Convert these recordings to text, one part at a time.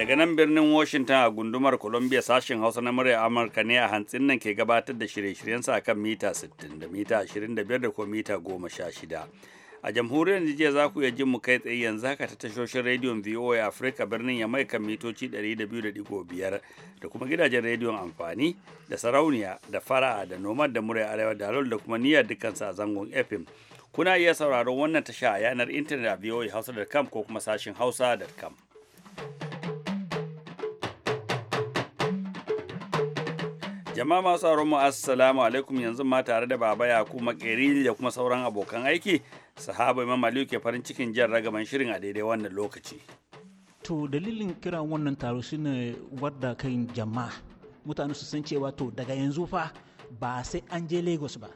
Daga nan birnin Washington a gundumar Columbia sashen Hausa na murya Amurka ne a hantsin nan ke gabatar da shirye-shiryensa shiryen kan mita 60 da mita 25 da kuma mita 16. A jamhuriyar Nijiya za ku iya jin mu kai tsaye yanzu haka ta tashoshin rediyon VOA Africa birnin ya mai kan mitoci 200.5 da kuma gidajen rediyon amfani da sarauniya da fara'a da nomad da murya arewa da da kuma niyyar dukansa a zangon FM. Kuna iya sauraron wannan tasha a yanar intanet a voa hausa.com ko kuma sashin hausa.com. Jama'a masu tsaron mu assalamu alaikum yanzu ma tare da baba Yakubu makeri da kuma sauran abokan aiki sahaba Imam Aliyu ke farin cikin jan ragaman shirin a daidai wannan lokaci. To dalilin kiran wannan taro shine wadda kan jama'a mutane su san cewa to daga yanzu fa ba sai an je Lagos ba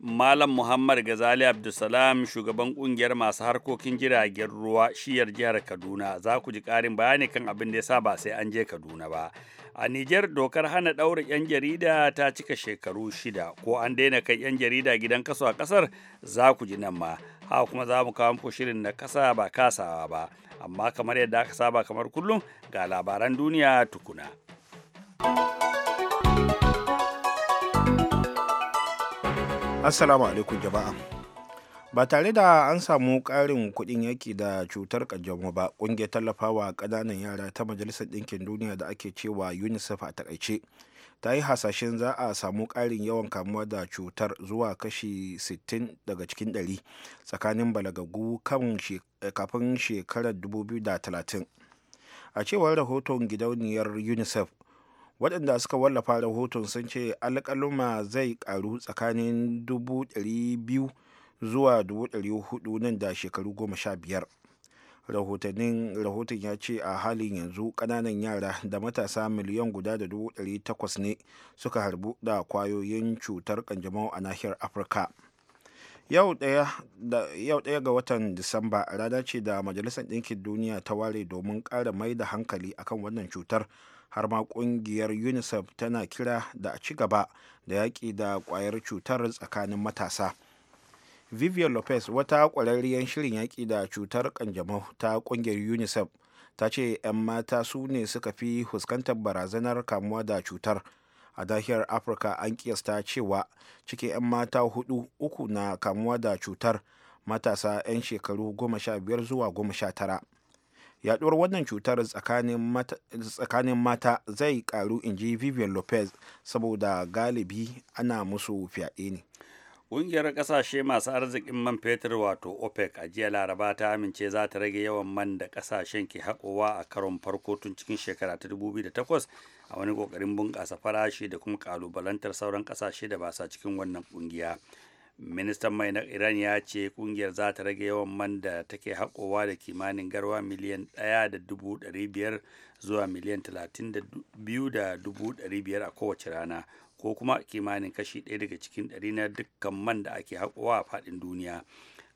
Malam Muhammad Gazali Abdulsalam shugaban kungiyar masu harkokin jiragen ruwa shiyar jihar Kaduna za ku ji ƙarin bayani kan abin da ya sa ba sai an je Kaduna ba. A Nijar dokar hana ɗaura 'yan jarida ta cika shekaru shida ko an daina kai 'yan jarida gidan kaso a ƙasar za ku ji nan ma. Haka kuma za mu kawo muku shirin na kasa ba kasawa ba. Amma kamar yadda aka saba kamar kullum ga labaran duniya tukuna. Assalamu alaikum jama'a. Ba tare da an samu ƙarin kuɗin yaƙi da cutar ƙanjamau ba, ƙungiyar tallafawa ƙananan yara ta Majalisar Ɗinkin Duniya da ake cewa UNICEF a takaice. Ta yi hasashen za a samu ƙarin yawan kamuwa da cutar zuwa kashi 60 daga cikin 100 tsakanin balagagu kafin shekarar 2030. A cewar rahoton gidauniyar UNICEF, waɗanda suka wallafa rahoton sun ce alƙaluma zai ƙaru tsakanin 200,000 zuwa 400 nan da shekaru 15 rahotannin rahoton ya ce a halin yanzu ƙananan yara da matasa miliyan guda da 800 ne suka harbu da kwayoyin cutar kanjamau a nahiyar afirka yau ɗaya ga watan disamba rana ce da majalisar ɗinkin duniya ta ware domin ƙara mai da hankali akan wannan cutar har ma kungiyar unicef tana kira da a ci gaba da yaƙi da ƙwayar cutar tsakanin matasa vivian lopez wata ƙwararriyar shirin yaƙi da cutar kanjamau ta ƙungiyar unicef ta ce 'yan mata su ne suka fi fuskantar barazanar kamuwa da cutar a dahiyar afirka an kiyasta cewa cikin 'yan mata hudu uku na kamuwa da cutar matasa 'yan shekaru 15 zuwa 19 yaduwar wannan cutar tsakanin mata zai karu in ji vivian lopez saboda galibi ana musu fyaɗe ne Ƙungiyar ƙasashe masu arzikin man fetur wato OPEC a jiya Laraba ta amince za ta rage yawan man da ƙasashen ke haƙowa a karon farko tun cikin shekara ta 2008 a wani ƙoƙarin bunƙasa farashi da kuma ƙalubalantar sauran ƙasashe da ba sa cikin wannan ƙungiya. ministan mai na iran ya ce kungiyar za ta rage yawan man da take haƙowa da kimanin garwa miliyan ɗaya zuwa miliyan 32.500 a kowace rana ko kuma kimanin kashi ɗaya daga cikin ɗari na dukkan man da ake haƙowa a faɗin duniya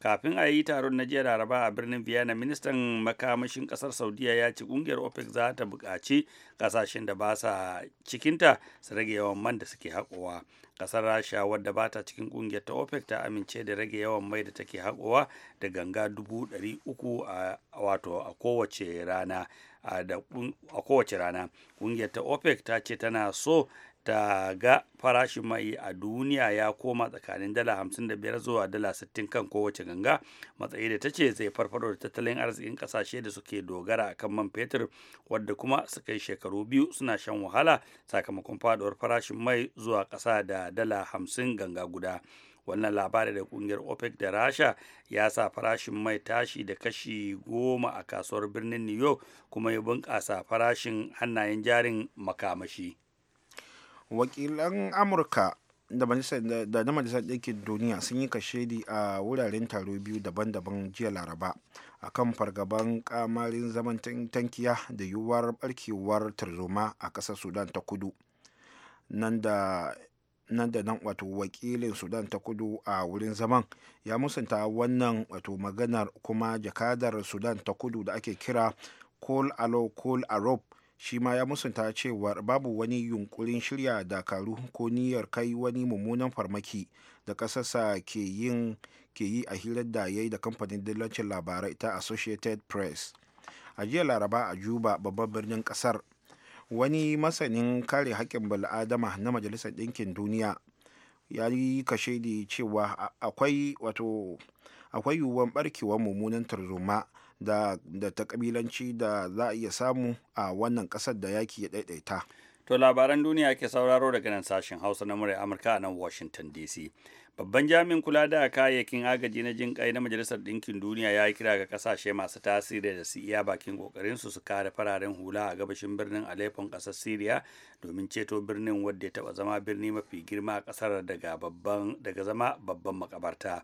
kafin a yi taron na jiya laraba a birnin vienna ministan makamashin kasar saudiya ya ce kungiyar opec za ta buƙaci kasashen da ba sa cikinta su rage yawan man da suke haƙowa kasar rasha wadda ba ta cikin kungiyar ta opec ta amince da rage yawan mai da take haƙowa da ganga dubu ɗari uku a wato a kowace rana a kowace rana kungiyar ta opec ta ce tana so ta ga farashin mai a duniya ya koma tsakanin dala 55 zuwa dala 60 kan kowace ganga matsayi da ta ce zai farfaro da tattalin arzikin kasashe da suke dogara kan man fetur wadda kuma suka yi shekaru biyu suna shan wahala sakamakon faduwar farashin mai zuwa ƙasa da dala 50 ganga guda wannan labari da kungiyar opec da rasha ya sa farashin mai tashi da kashi goma a kasuwar birnin new york kuma ya bunƙasa farashin hannayen jarin makamashi wakilan amurka da na majalisar ɗinkin duniya sun yi kashedi a wuraren taro biyu daban-daban jiya laraba a kan fargaban kamarin zaman tankiya da yiwuwar barkewar tarzoma a ƙasar sudan ta kudu nan da nan wato wakilin sudan ta kudu a wurin zaman ya musanta wannan wato maganar kuma jakadar sudan ta kudu da ake kira kol alo kol arob shi ma ya musunta cewa babu wani yunkurin shirya dakaru ko niyyar kai wani mummunan farmaki da kasarsa ke ke yi a hirar da ya yi da kamfanin dillancin labarai ta associated press a jiya laraba a juba babban birnin kasar wani masanin kare haƙƙin bal'adama na majalisar ɗinkin duniya ya yi kashe cewa akwai wato akwai yiwuwar barkewar mummunan tarzoma da, da ta kabilanci da za a iya samu a wannan kasar da yaki ya daidaita. To labaran duniya ke sauraro daga nan sashen Hausa na murya Amurka a nan Washington DC. Babban jami'in kula da kayayyakin agaji na jin kai na Majalisar Ɗinkin Duniya ya yi kira ga kasashe masu tasiri da su iya bakin kokarin su su kare fararen hula a gabashin birnin Aleppo ƙasar syria domin ceto birnin wadda ya taba zama birni mafi girma a ƙasar daga babban daga zama babban makabarta.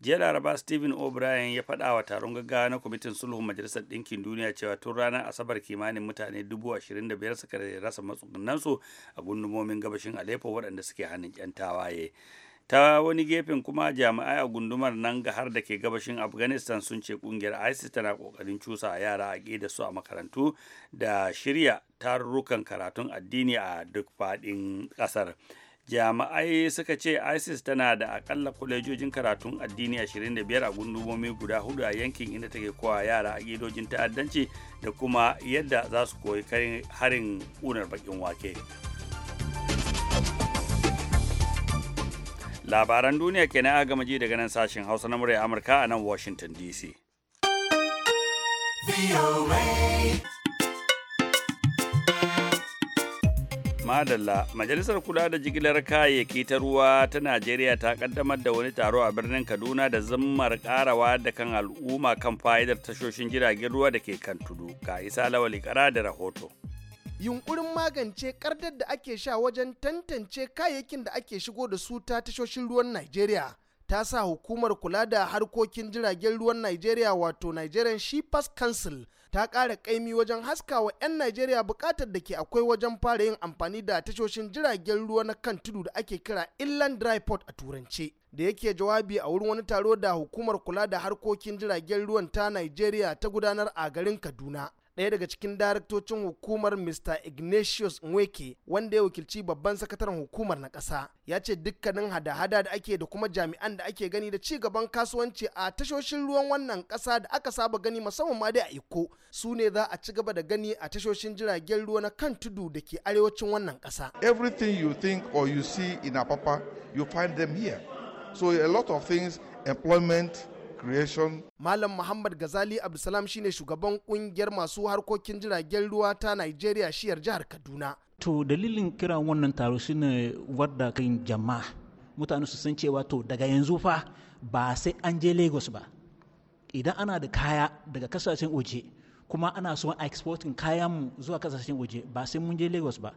jiya laraba stephen o'brien ya faɗa wa taron gaggawa na kwamitin sulhun majalisar ɗinkin duniya cewa tun ranar asabar kimanin mutane dubu ashirin da biyar suka rasa matsugunansu a gundumomin gabashin aleppo waɗanda suke hannun 'yan tawaye ta wani gefen kuma jami'ai a gundumar nan ga har da ke gabashin afghanistan sun ce kungiyar isis tana kokarin cusa a yara a da su a makarantu da shirya tarurrukan karatun addini a duk faɗin ƙasar. jami'ai suka ce isis tana da akalla kwalejojin karatun addini 25 a gundumomi guda hudu a yankin inda take kowa yara a gidojin ta'addanci da kuma yadda za su koyi harin unar bakin wake labaran duniya kenan a gamaji daga nan sashen hausa na murya amurka a nan washington dc Madalla, Majalisar Kula da Jigilar Kayayyaki ta Ruwa ta Najeriya ta kaddamar da wani taro a birnin Kaduna da zammar karawa da kan al'umma kan fa'idar tashoshin jiragen ruwa da ke kan tudu. Ga isa lawali kara da rahoto. Yunkurin magance kardar da ake sha wajen tantance kayayyakin da ake shigo da su ta tashoshin ruwan Najeriya. ta sa hukumar kula da harkokin jiragen ruwan Najeriya wato Nigerian Shippers Council ta ƙara ƙaimi wajen haskawa 'yan Najeriya buƙatar da ke akwai wajen fara yin amfani da tashoshin jiragen ruwa na kan tudu da ake kira inland dry port a turance. da yake jawabi a wurin wani taro da hukumar kula da harkokin jiragen ruwan ta Najeriya ta gudanar a garin Kaduna. ɗaya daga cikin daraktocin hukumar Mr. Ignatius Nweke wanda ya wakilci babban sakataren hukumar na ƙasa ya ce dukkanin hada-hada da ake da kuma jami'an da ake gani da cigaban kasuwanci a tashoshin ruwan wannan ƙasa da aka saba gani musamman ma dai a Iko su ne za a ci gaba da gani a tashoshin jiragen ruwa na kan tudu da ke arewacin wannan ƙasa. Everything you think or you see in Apapa you find them here. So a lot of things employment creation. Malam Muhammad Gazali Abdulsalam shine shugaban kungiyar masu harkokin jiragen ruwa ta Nigeria shiyar jihar Kaduna. To dalilin kira wannan taro shine wadda kan jama'a mutane su san cewa to daga yanzu fa ba sai an je Lagos ba. Idan ana da kaya daga kasashen waje kuma ana so a exporting kayan mu zuwa kasashen waje ba sai mun je Lagos ba.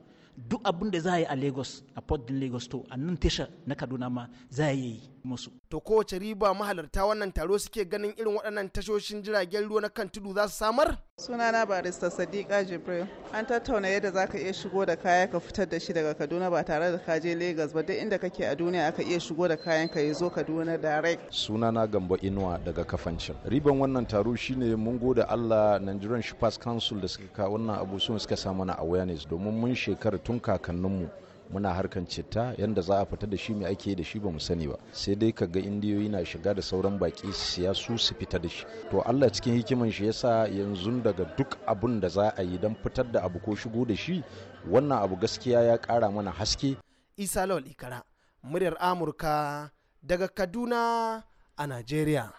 Duk abin da za a yi a Lagos a port din Lagos to a nan tasha na Kaduna ma za a yi. musu. To kowace riba mahalarta wannan taro suke ganin irin waɗannan tashoshin jiragen ruwa na kan tudu za su samar? Sunana barista Sadiqa Jibril. An tattauna yadda za ka iya shigo da kaya ka fitar da shi daga Kaduna ba tare da ka je Legas ba duk inda kake a duniya aka iya shigo da kayan ka ya zo Kaduna direct. Sunana Gambo Inuwa daga Kafancin. Riban wannan taro shine mun gode Allah Nigerian Shippers Council da suka kawo wannan abu sun suka sa mana awareness domin mun shekara tun kakanninmu. muna harkan citta yadda za a fita da shi mai ake da shi ba mu sani ba sai dai ka ga indiyoyi na shiga da sauran baki siya su su fita da shi to Allah cikin hikiman shi yasa yanzu daga duk abun da za a yi don fitar da abu ko shigo da shi wannan abu gaskiya ya kara mana haske Isa Lawal Ikara muryar Amurka daga Kaduna a Najeriya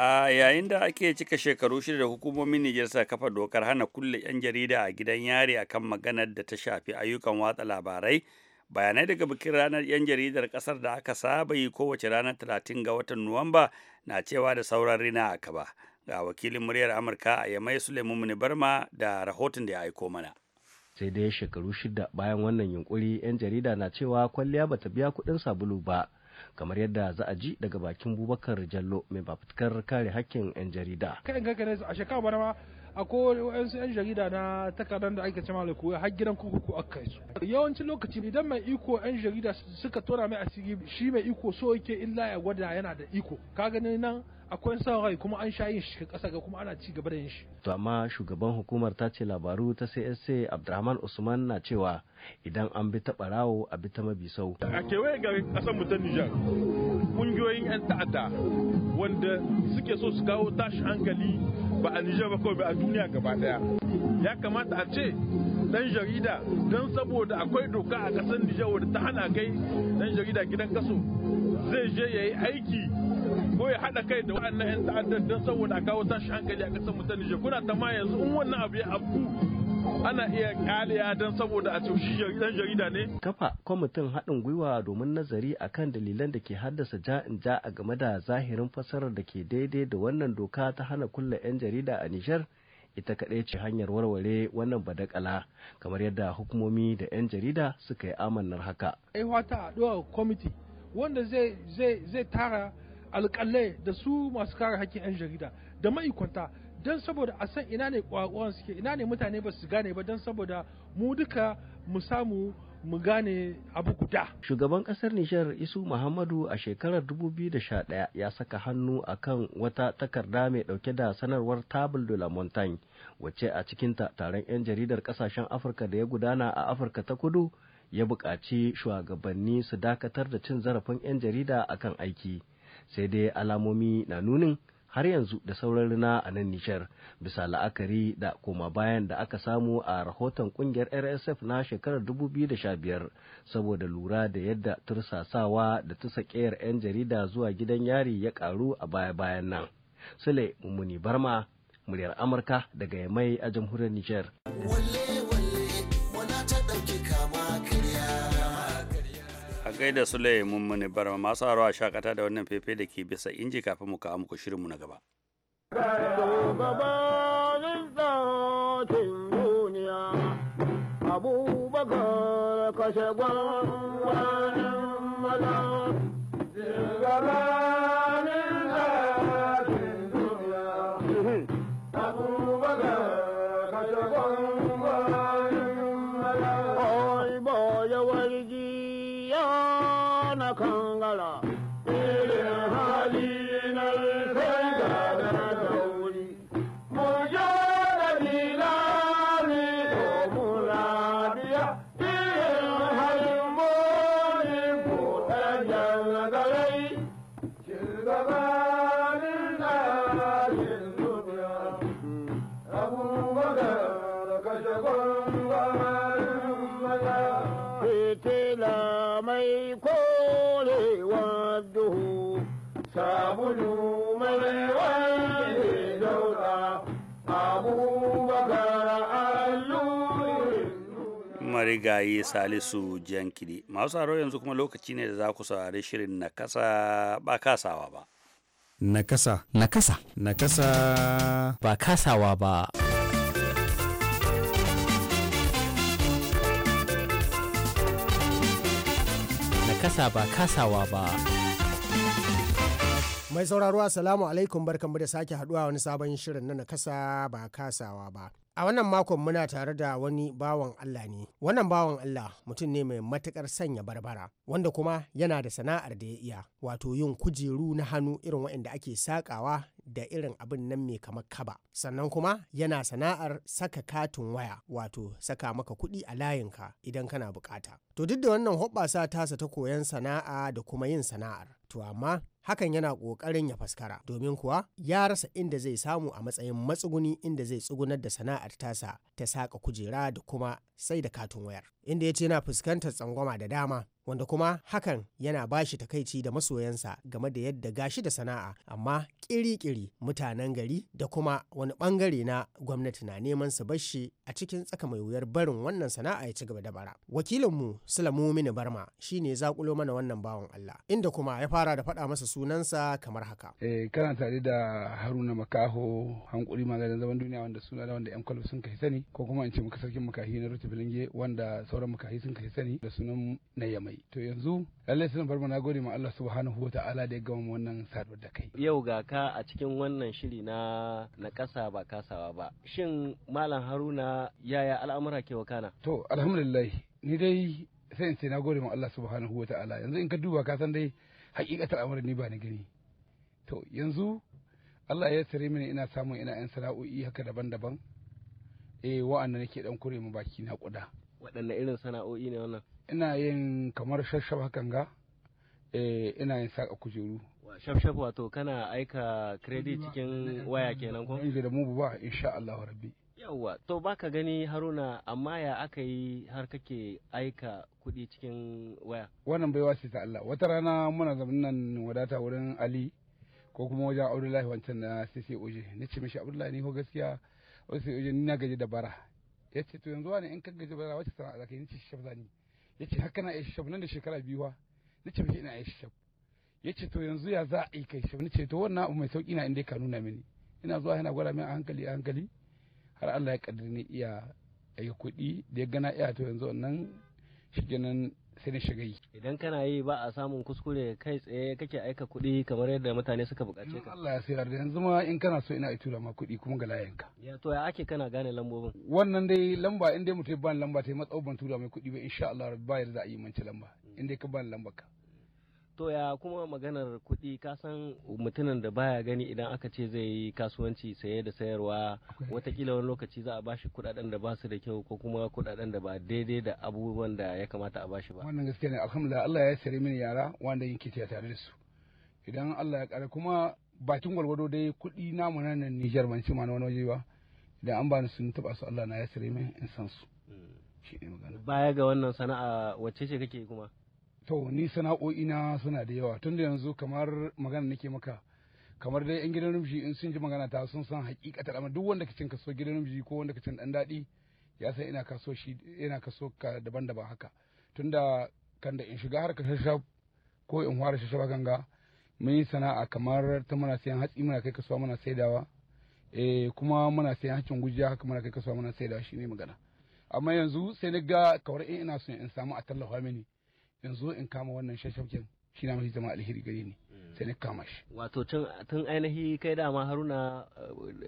a yayin da ake cika shekaru shida da hukumomin Nijar sa kafa dokar hana kulle 'yan jarida a gidan yari akan maganar da ta shafi ayyukan watsa labarai bayanai daga bikin ranar 'yan jaridar kasar da aka saba yi kowace ranar talatin ga watan Nuwamba na cewa da sauran rina a kaba ga wakilin muryar Amurka a Yamai Suleiman Barma da rahoton da ya aiko mana. Sai dai shekaru shida bayan wannan yunkuri 'yan jarida na cewa kwalliya bata biya kuɗin sabulu ba. kamar yadda za a ji daga bakin bubakar jallo mai bafitkar kare hakkin 'yan jarida kan ga a shekara akwai wa'yansu 'yan jarida na takardar da aka cema koya har gidan kurkuku aka kai su yawancin lokaci idan mai iko 'yan jarida suka tona mai asiri shi mai iko so yake illa ya gwada yana da iko ka gani nan akwai sa rai kuma an sha yin shi kasa ga kuma ana ci gaba da yin shi to amma shugaban hukumar ta ce labaru ta CSA Abdurrahman Usman na cewa idan an bi ta barawo a bi ta mabi sau. a kewaye garin kasar mu ta Nijar kungiyoyin 'yan ta'adda wanda suke so su kawo tashi hankali ba a Nijar ba kawai ba a duniya gaba daya ya kamata a ce dan jarida don saboda akwai doka a kasar Nijar wadda ta hana kai dan jarida gidan kaso zai je ya yi aiki ko ya haɗa kai da waɗannan 'yan ta'addar don saboda a kawo tashi hankali a kasar mu ta Nijar kuna ta ma yanzu in wannan abu ya abu ana iya kaliya don saboda a cikin dan jarida ne. Kafa kwamitin haɗin gwiwa domin nazari akan dalilan da ke haddasa ja'in ja a game da zahirin fasarar da ke daidai da wannan doka ta hana kulle 'yan jarida a Nijar ita kaɗai ce hanyar warware wannan badakala kamar yadda hukumomi da 'yan jarida suka yi amannar haka. Ai wata haɗuwa kwamiti wanda zai tara alƙalai da su masu kare hakkin 'yan jarida da maikwanta don saboda a san ina ne kwakwan suke ina ne mutane ba su gane ba don saboda mu duka mu samu mu gane abu guda. Shugaban kasar Nijar Isu Muhammadu a shekarar 2011 ya saka hannu a kan wata takarda mai dauke da sanarwar Table de la Montagne wacce a cikinta taron 'yan jaridar kasashen Afirka da ya gudana a Afirka ta kudu ya buƙaci shugabanni su dakatar da cin zarafin 'yan jarida akan aiki. Sai dai alamomi na nunin har yanzu da sauran na a nan Nijar bisa la'akari da koma bayan da aka samu a rahoton kungiyar RSF na shekarar 2015 saboda lura da yadda tursasawa da tusa ƙeyar 'yan jarida zuwa gidan yari ya karu a baya-bayan nan. Sule Mummuni Barma, muryar Amurka daga Yamai a jamhuriyar Nijar. gaida Sulaiman Muni Barma masu haro a shakata da wannan fefe da ke bisa inji kafin mu kawo muku shirinmu na gaba. Abubakar kashe marigayi salisu jankidi masu tsaro yanzu kuma lokaci ne da za ku saurari shirin na kasa ba kasawa ba na kasa na kasa na kasa ba kasawa ba na kasa ba kasawa ba Mai sauraro asalamu alaikum barkanmu da sake haduwa wani sabon shirin na nakasa ba kasawa ba. A wannan makon muna tare da wani bawan Allah ne. Wannan bawan Allah mutum ne mai matukar sanya barbara wanda kuma yana da sana'ar da ya iya wato yin kujeru na hannu irin waɗanda ake sakawa da irin abin nan mai kamar kaba sannan kuma yana sana'ar saka katin waya wato saka maka kuɗi a layinka idan kana bukata to duk da wannan hoɓɓasa tasa ta koyan sana'a da kuma yin sana'ar to amma hakan yana ƙoƙarin ya faskara domin kuwa ya rasa inda zai samu a matsayin matsuguni inda zai tsugunar da sana'ar tasa ta saƙa kujera da kuma sai da katin wayar inda ya ce yana fuskantar tsangwama da dama wanda kuma hakan yana bashi takaici da masoyansa game da yadda gashi da sana'a amma kiri-kiri mutanen gari da kuma wani bangare na gwamnati na neman su bashi a cikin tsaka mai wuyar barin wannan sana'a ya ci gaba da bara wakilinmu sulamu mini barma shine zakulo mana wannan bawan allah inda kuma ya fara da faɗa masa sunansa kamar haka eh kana tare da haruna makaho hankuri ga zaman duniya wanda suna da wanda yan kwalba sun kai sani ko kuma in ce muka sarkin makahi na rutu wanda sauran makahi sun kai sani da sunan na yamai yi to yanzu lallai sun bar na gode ma Allah subhanahu wa ta'ala da ya gama wannan saduwar da kai yau ga ka a cikin wannan shiri na na kasa ba kasawa ba shin malam haruna yaya al'amura ke wakana to alhamdulillah ni dai sai in ce na gode ma Allah subhanahu wa ta'ala yanzu in ka duba ka san dai hakikatar al'amuran ni ba ni gani to yanzu Allah ya sare mini ina samun ina yan sana'o'i haka daban-daban eh wa'anda nake dan kure mu baki na kuda waɗanne irin sana'o'i ne wannan ina yin kamar shafshaf hakan ga eh, ina yin saka kujeru shafshaf wato kana aika credit cikin waya kenan ko in da mu ba insha Allah rabbi yawa to baka gani haruna amma ya aka yi har kake aika kuɗi cikin waya wannan baiwa ce ta Allah wata rana muna zaman nan wadata wurin Ali ko kuma wajen Abdullahi wancan na sisi oje ni ce mishi Abdullahi ni ko gaskiya wasu oje ni na gaji da bara ya ce to yanzu wani in ka gaji bara wace sana'a zaka yi ni ce shaf zani Ya ce haka na aisha nan da shekara biyu wa ce ba ina aisha ce to yanzu ya za a yi kai na ce to wannan abu mai sauƙi na inda ka nuna mini ina zuwa yana gwada min a hankali a hankali har Allah ya kaddare ni iya ayi kuɗi da ya gana iya to yanzu wannan shi sai na shiga yi idan kana yi ba a samun kuskure kai tsaye kake aika kuɗi kamar yadda mutane suka buƙace ka Allah ya sayar da yanzu ma in kana so ina tura ma kuɗi kuma ga layanka ya to ya ake kana gane lambobin wannan dai lamba in dai mutum ban lamba tai matsau ban tura mai kuɗi ba insha Allah ba yarda a yi mance lamba in dai ka ban lamba ka to ya kuma maganar kuɗi kasan mutumin da baya gani idan aka ce zai yi kasuwanci saye da sayarwa watakila wani lokaci za a bashi kuɗaɗen da ba su da kyau ko kuma kuɗaɗen da ba daidai da abubuwan da ya kamata a bashi ba wannan gaskiya ne alhamdulillah Allah ya sare mini yara wanda yake tare da su idan Allah ya kare kuma bakin gwargwado dai kuɗi mu nan Nijar ban ci ma wani waje ba idan an bani sun taba su Allah na ya sare min in san su mm. baya ga wannan sana'a wacce ce kake kuma to ni sana'o'ina suna da yawa tunda yanzu kamar magana nake maka kamar dai yan gidan rumshi in sun ji magana ta sun san hakikatar amma duk wanda kacin kaso gidan rumshi ko wanda kacin dan daɗi ya san ina kaso shi ina kaso ka daban-daban haka tunda kan da in shiga harkar shashab ko in fara shashaba ganga mun yi sana'a kamar ta muna sayan hatsi muna kai kasuwa muna saidawa eh kuma muna sayan hakin gujiya haka muna kai kasuwa muna saidawa shine magana amma yanzu sai na ga kawar ina son in samu a tallafa mini Yanzu in kama wannan shashafken shi na mafi zama alheri gare ni mm. sai na kama shi. Wato tun ainihi kai dama Haruna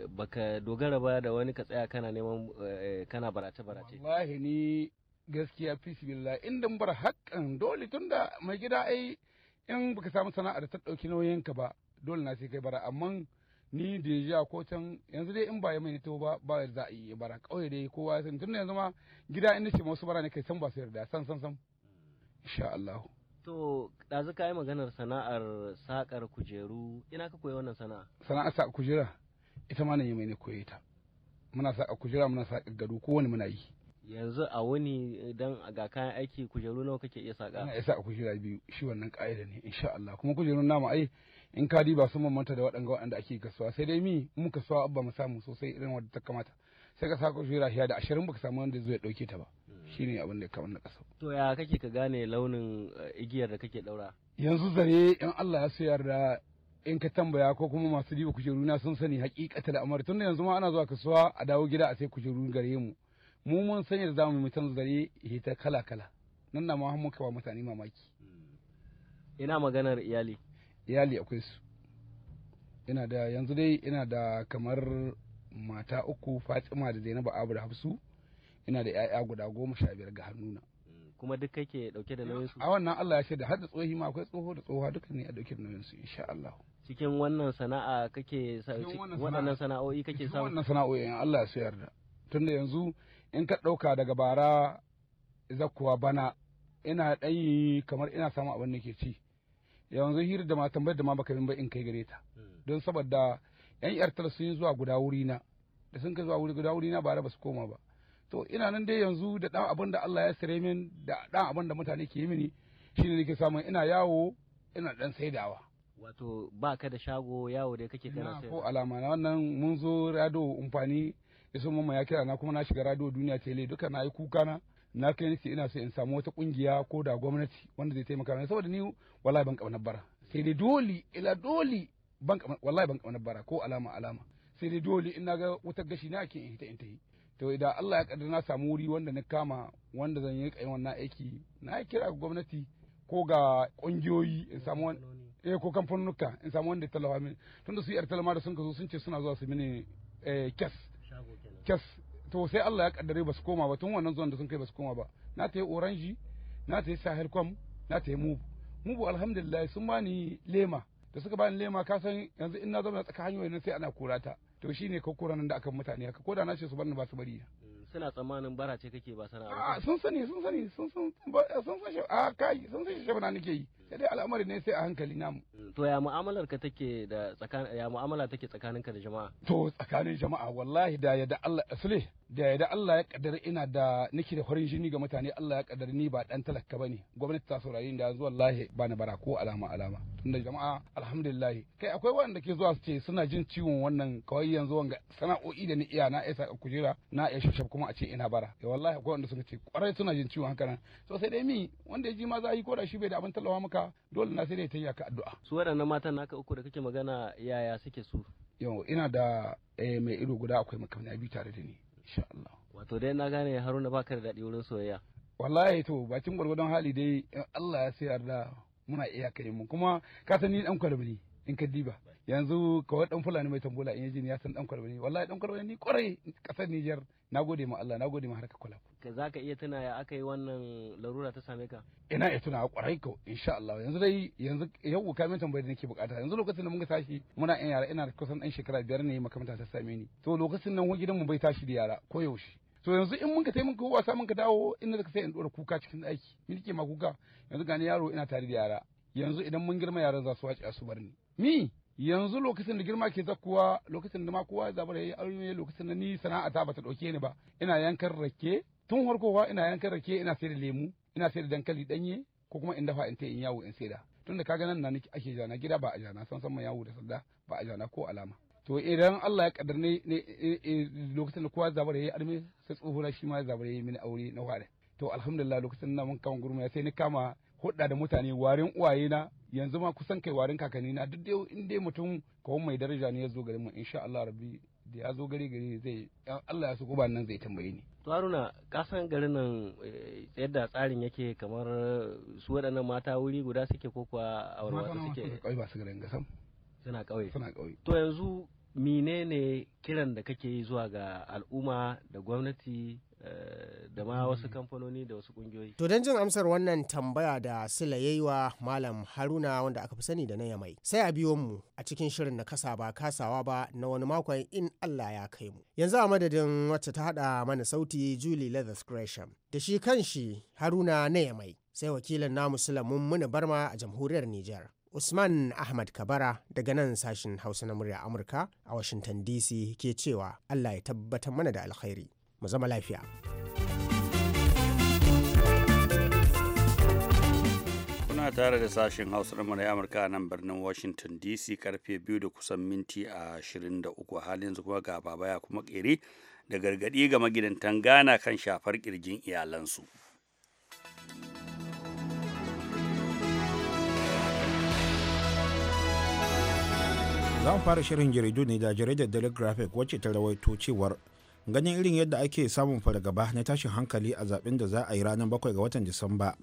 baka dogara ba da wani ka tsaya kana neman eh, kana barace barace. Wallahi ni gaskiya bismillah inda bar haƙƙan dole da mai gida ai in baka samu sana'ar ta ɗauki nauyin ka ba dole na sai kai bara amma ni da ya ko can yanzu dai in ba ya mai ba ba ya za a yi bara kawai dai kowa ya tun da yanzu ma gida in nace masu bara ne kai san ba su yarda san san san. insha Allah to ɗazu ka yi maganar sana'ar sakar kujeru ina ka koyi wannan sana'a sana'ar sakar kujera ita ma nan mai ne koye ta muna sakar kujera muna sakar gado kowane muna yi yanzu a wani dan ga kayan aiki kujeru nawa kake iya saka ina iya kujera biyu shi wannan ka'ida ne insha Allah kuma kujerun namu ai in ka diba sun mamanta da waɗanga waɗanda ake kasuwa sai dai mi ka kasuwa abba mu samu sosai irin wadda ta kamata sai ka saka kujera hiya da 20 baka samu wanda zai dauke ta ba shine abin da ya kawo na kasa To ya kake ka gane launin eh, igiyar da kake daura Yanzu zare in Allah ya so yarda in ka tambaya ko kuma masu diba kujeru na sun sani hakikatar amar tunda yanzu ma ana zuwa kasuwa a dawo gida a sai kujeru gare mu mu mun sani da zamu mutan zare ta kala kala nan na ma ka ba mutane mamaki. Hmm. Ina maganar iyali. Iyali akwai su. Ina da yanzu dai ina da kamar mata uku Fatima da Zainabu Abu Hafsu. ina da 'ya'ya guda goma sha biyar ga hannuna kuma duk kake dauke da nauyin su a wannan Allah ya shaida har da tsohi ma akwai tsoho da tsohuwa duka ne a dauke da nauyin su insha Allah cikin wannan sana'a kake wannan sana'o'i kake samu wannan sana'o'i in Allah ya so yarda tunda yanzu in ka dauka daga bara zakkuwa bana ina dan yi kamar ina samu abin da ke ci yanzu hira da ma tambayar da ma baka ba in kai gare ta hmm. don saboda yan yartar sun yi zuwa guda wuri na da sun kai zuwa wuri guda wuri na bara ba su koma ba to ina nan dai yanzu da ɗan abin da Allah ya sire min da ɗan abin da mutane ke yi mini shine nake samun ina yawo ina ɗan saidawa wato ba ka da shago yawo dai kake kana sai ko alama na wannan mun zo rado umfani iso mamma ya kira na kuma na shiga rado duniya tele duka na yi kuka na na kai ni ina so in samu wata kungiya ko da gwamnati wanda zai taimaka mana saboda ni wallahi ban kauna bara sai dai doli ila doli ban wallahi ban kauna bara ko alama alama sai dai doli in naga wutar gashi na ke in ta in ta yi to idan Allah ya kaddara na samu wuri wanda na kama wanda zan yi wannan aiki na kira gwamnati ko ga kungiyoyi in samu eh ko kamfanonuka in samu wanda ya tallafa min tunda su yar talama da sun ka zo sun ce suna zuwa su mini eh kes kes to sai Allah ya kaddare ba su koma ba tun wannan zuwan da sun kai ba su koma ba na ta yi oranji na ta yi sahel kwam na ta yi mubu mubu alhamdulillah sun bani lema da suka bani lema ka san yanzu in na zama tsaka hanyoyi na sai ana kura ta to ne ka kura nan da akan mutane haka ko da na ce su barna ba su bari eh, suna tsammanin bara ce kake ba sana'a ah, sun sani sun sani sun sun sun san shi a ah, kai sun san shi shabana nake yi sai dai al'amari ne sai a hankali namu to ya mu'amalar ka take da tsakan ya mu'amala take tsakanin ka da jama'a to tsakanin jama'a wallahi da yadda Allah asule da yadda Allah ya kaddara ina da nake da farin jini ga mutane Allah ya kaddara ni ba dan talaka bane gwamnati ta saurayi da yanzu wallahi ba na bara ko alama alama tunda jama'a alhamdulillah kai akwai waɗanda ke zuwa su ce suna jin ciwon wannan kawai yanzu wanga sana'o'i da ni iya na isa kujera na iya shashab kuma a ce ina bara ya eh wallahi akwai wanda suka ce kwarai suna jin ciwon haka nan so sai dai mi wanda ya ji ma za yi ko da shi bai da abin talawa maka haka dole na sai dai tayya ka addu'a su waɗannan matan naka uku da kake magana yaya suke su yau ina da eh, mai ido guda akwai makamai biyu tare da ni insha Allah wato dai na gane Haruna baka da daɗi wurin soyayya wallahi to bakin gwargwadon hali dai in Allah ya sayar da muna iya mu kuma ka sani ni dan kwalbi ne in ka diba yanzu kawai dan fulani mai tambola in yaji ni ya san dan kwalbani wallahi dan kwalbani ni kwarai kasar Niger nagode ma Allah nagode ma harka kwalab ka zaka iya tuna ya aka yi wannan larura ta same ka ina iya tuna kwarai ko insha Allah yanzu dai yanzu yau ka min tambayar da nake bukata yanzu lokacin da mun ga tashi muna yan yara ina kusan dan shekara biyar ne makamanta ta same ni to lokacin nan gidan mu bai tashi da yara ko yaushe to yanzu in mun ka mun ka wasa mun ka dawo inda zaka sai in dora kuka cikin aiki ni nake ma kuka yanzu gani yaro ina tare da yara yanzu idan mun girma yaran za su wace su bar ni mi yanzu lokacin da girma ke zakkuwa lokacin da ma kowa zabar yayi aure lokacin da ni sana'ata bata dauke ni ba ina yankan rake tun kuwa ina yankan rake ina sayar da lemu ina sayar da dankali danye ko kuma in dafa in ta in yawo in saida tun da kaga nan na nake ake jana gida ba a jana san san yawo da sadda ba a jana ko alama to idan Allah ya kaddar ne lokacin da kowa zabar yayi arme sai tsohuwa shi ma zabar yayi mini aure na ware to alhamdulillah lokacin na mun kama gurma sai ni kama hudda da mutane warin uwayena yanzu ma kusan kai warin kakanni na duk dai in dai mutum kawai mai daraja ne ya zo gare mu insha Allah rabbi da ya zo gare gare zai Allah ya suko ba nan zai tambaye ni to Haruna kasan garin nan eh, yadda tsarin yake kamar su waɗannan mata wuri guda suke ko kuwa a wasu suke kai ba su garin gasan suna kauye suna kauye to yanzu menene kiran da kake yi zuwa ga al'umma da gwamnati Eh, da ma wasu mm. kamfanoni da wasu kungiyoyi. To don jin amsar wannan tambaya da Sila ya Malam Haruna wanda aka fi sani da na Yamai. Sai a biyo mu a cikin shirin na kasa ba kasawa ba na wani makon in Allah ya kai mu. Yanzu a madadin wacce ta haɗa mana sauti Julie Leathers Gresham da shi kanshi Haruna na Yamai. Sai wakilin namu Sila Mummuna Barma a jamhuriyar Nijar. Usman Ahmad Kabara daga nan sashin Hausa na murya Amurka a Washington DC ke cewa Allah ya tabbatar mana da alkhairi. mu zama lafiya. Kuna tare da sashen Hausa na Murai Amurka nan birnin Washington DC karfe biyu da kusan minti ashirin da uku halin yanzu kuma ga babaya kuma kere da gargaɗi ga magidantan Ghana kan shafar ƙirjin iyalansu. Zan fara shirin jaridu ne da jaridar Daily wacce ta rawaito cewar ganin irin yadda ake samun fargaba na tashin hankali a zaben da za a yi ranar bakwai ga watan disamba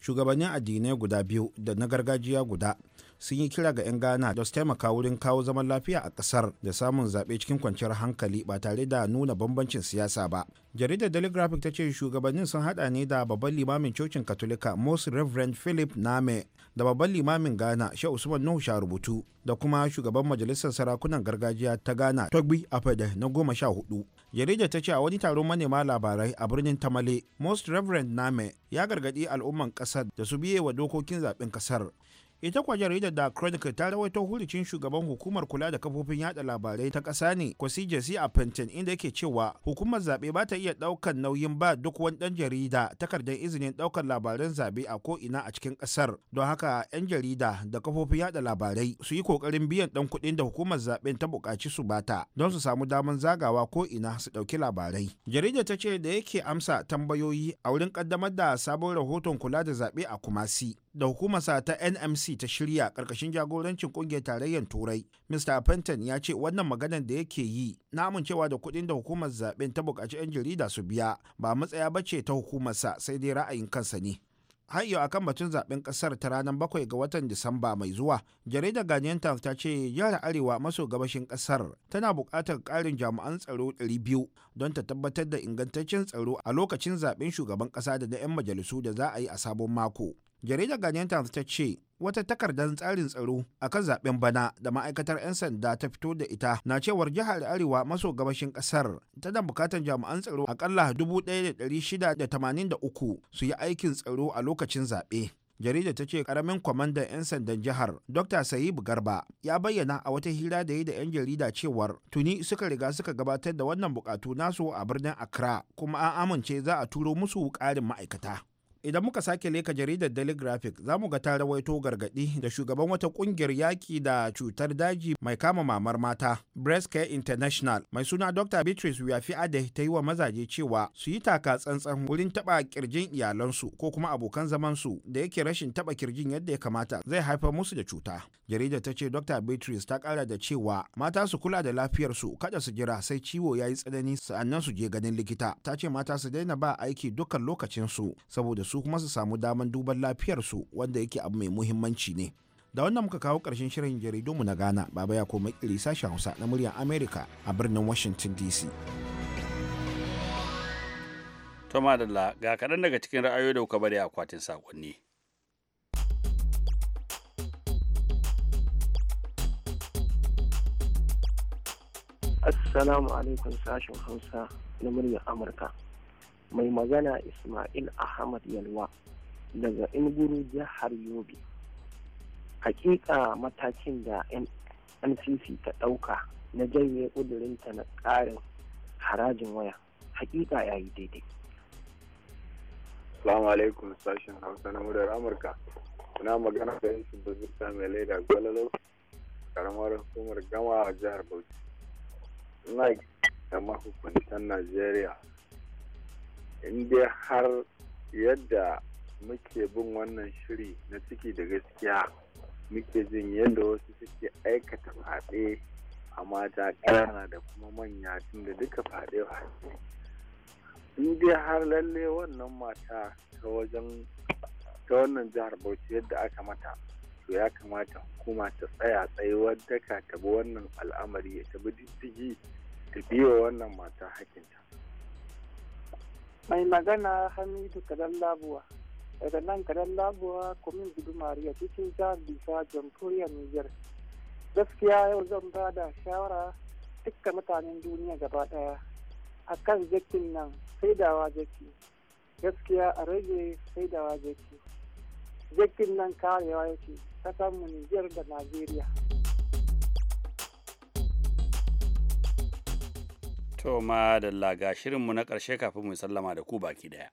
shugabannin addinai guda biyu da na gargajiya guda sun yi kira ga 'yan ghana da su taimaka wurin kawo zaman lafiya a kasar da samun zaɓe cikin kwanciyar hankali ba tare da nuna bambancin siyasa ba jaridar daily graphic ta ce shugabannin sun hada ne da babban limamin cocin katolika most reverend philip name da babban limamin ghana sha usman nuhu sha rubutu da kuma shugaban majalisar sarakunan gargajiya ta ghana togbi afede na goma sha hudu Yarija ta ce a wani taron manema labarai a birnin Tamale, Most Reverend Name ya gargaɗi al'umman ƙasar da su biye wa dokokin zaɓen ƙasar. ita kwa jaridar da chronicle ta rawaito hulicin shugaban hukumar kula da kafofin yada labarai ta kasa ne kwasijasi a pentin inda yake cewa hukumar zabe ba ta iya daukan nauyin ba duk wani ɗan jarida takardar izinin ɗaukar labaran zabe a ko ina a cikin kasar don haka 'yan jarida da kafofin yada labarai su yi kokarin biyan dan kuɗin da hukumar zaben ta bukaci su bata don su samu daman zagawa ko ina su ɗauki labarai jaridar ta ce da yake amsa tambayoyi a wurin kaddamar da sabon rahoton kula da zabe a kumasi da hukumarsa ta NMC ta shirya karkashin jagorancin ƙungiyar tarayyar Turai. Mr. Fenton ya ce wannan maganar da yake yi na amincewa da kuɗin da hukumar zaɓen ta buƙaci 'yan jarida su biya ba matsaya ba ce ta hukumarsa sai dai ra'ayin kansa ne. har yau akan batun zaɓen kasar ta ranar bakwai ga watan disamba mai zuwa jaridar ganyen times ta ce jihar arewa maso gabashin kasar tana buƙatar ƙarin jami'an tsaro 200 don ta tabbatar da ingantaccen tsaro a lokacin zaɓen shugaban ƙasa da na 'yan majalisu da za a yi a sabon mako jaridar Ghanaian Times ta ce wata takardar tsarin tsaro a kan zaben bana da ma'aikatar 'yan sanda ta fito da ita na cewar jihar arewa maso gabashin kasar da bukatar jami'an tsaro akalla 1,683 su yi aikin tsaro a lokacin zaɓe. jarida ta ce karamin kwamandan 'yan sandan jihar dr sayib garba ya bayyana a wata hira da yi da 'yan jarida cewar tuni suka riga suka gabatar da wannan bukatu nasu a birnin accra kuma an amince za a turo musu ƙarin ma'aikata idan muka sake leka jaridar daily graphic za mu ga ta rawaito gargadi da shugaban wata kungiyar yaki da cutar daji mai kama mamar mata breast care international mai suna dr beatrice wiyafi ade ta yi wa mazaje cewa su yi taka tsantsan wurin taba kirjin iyalansu ko kuma abokan zamansu da yake rashin taba kirjin yadda ya kamata zai haifar musu da cuta jaridar ta ce dr beatrice ta kara da cewa mata su kula da lafiyarsu kada su jira sai ciwo ya yi tsanani sannan su je ganin likita ta ce mata su daina ba aiki dukkan lokacinsu saboda su su kuma su samu daman duban lafiyarsu wanda yake abu mai muhimmanci ne da wannan muka kawo ƙarshen shirin mu na ghana baba ya koma kiri sashen hausa na muryar america a birnin washington dc to madalla ga kaɗan daga cikin ra'ayoyi da kuka bari akwatin saƙonni Assalamu alaikum sashen Hausa na muryar Amurka. mai magana ismail ahmad yalwa daga inguru jihar yobe hakika matakin da ncc ta ɗauka na janye ƙudurinta na ƙarin harajin waya hakika ya yi daidai Salamu alaikum sashen Hausa na Mudar Amurka. Kuna magana da Yusuf ta mai laida Gwalalo, karamar hukumar gama a jihar Bauchi. Ina da mahukuntan Najeriya in dai har yadda muke bin wannan shiri na ciki da gaskiya muke jin yadda wasu suke aikata fade a mata ƙana da kuma manya tunda duka fade fade in dai har lalle wannan mata ta wajen ta wannan jihar bauchi yadda aka mata to ya kamata hukuma ta tsaya tsayuwar daka ta bi wannan al'amari ta bi diddigi ta biyo wannan mata hakinta mai magana hamidu kadan labuwa daga nan kadan labuwa kumin gudu mariya cikin jihar bisa jamhuriyar niger gaskiya yau zan ba da shawara dukkan mutanen duniya gaba daya a kan jakin nan saidawa jaki gaskiya a rage saidawa jaki jakin nan karewa yake kasanmu niger da najeriya To ma da laga shirinmu na ƙarshe kafin mu sallama da ku baki ɗaya.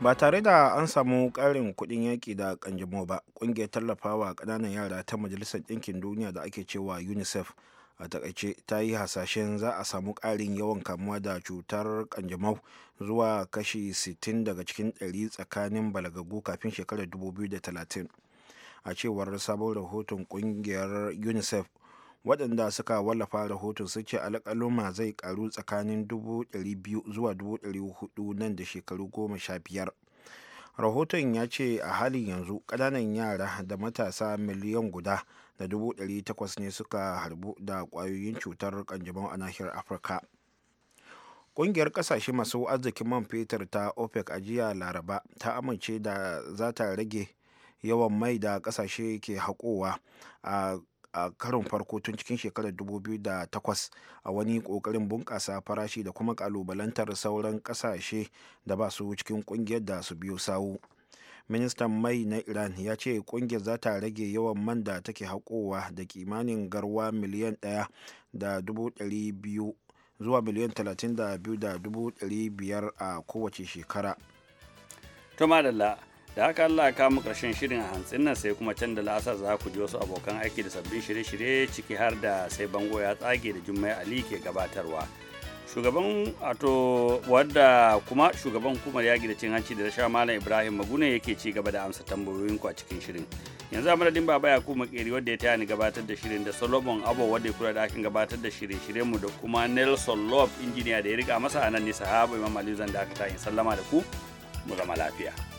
Ba tare da an samu ƙarin kuɗin yaƙi da ƙanjamo ba, ƙungiyar tallafawa ƙananan yara ta Majalisar Ɗinkin Duniya da ake cewa UNICEF a takaice ta yi hasashen za a samu ƙarin yawan kamuwa da cutar ƙanjamau zuwa kashi 60 daga cikin 100 tsakanin balagagu kafin shekarar 2030. a cewar sabon rahoton kungiyar unicef waɗanda suka wallafa rahoton su ce alƙaluma zai karu tsakanin 200 zuwa 400 nan da shekaru goma sha biyar rahoton ya ce a halin yanzu ƙananan yara da matasa miliyan guda da 800 ne suka harbu da ƙwayoyin cutar kanjamau a nahiyar afirka ƙungiyar ƙasashe masu arzikin man fetur ta opec a jiya laraba ta amince da za ta rage yawan mai da kasashe ke haƙowa a a karon farko tun cikin shekarar 2008 a wani kokarin bunƙasa farashi da kuma kalubalantar sauran ƙasashe da ba su cikin ƙungiyar da su biyo sawu ministan mai na iran ya ce ƙungiyar za ta rage yawan man da take haƙowa da kimanin garwa miliyan ɗaya zuwa miliyan 32.500 a kowace shekara. Tumadala. da haka Allah ya kama karshen shirin a hantsin nan sai kuma can da la'asar za ku ji wasu abokan aiki da sabbin shirye-shirye ciki har da sai bango ya tsage da jummai ali ke gabatarwa shugaban ato wadda kuma shugaban hukumar yaƙi da cin hanci da rasha malam ibrahim magune yake ci gaba da amsa tambayoyin ku a cikin shirin yanzu a madadin baba ya kuma makeri wadda ya taya ni gabatar da shirin da solomon abo wadda ya kula da akin gabatar da shirye-shiryen mu da kuma nelson love injiniya da ya riga masa a nan ne sahaba imam aliyu zan da aka tayin sallama da ku mu zama lafiya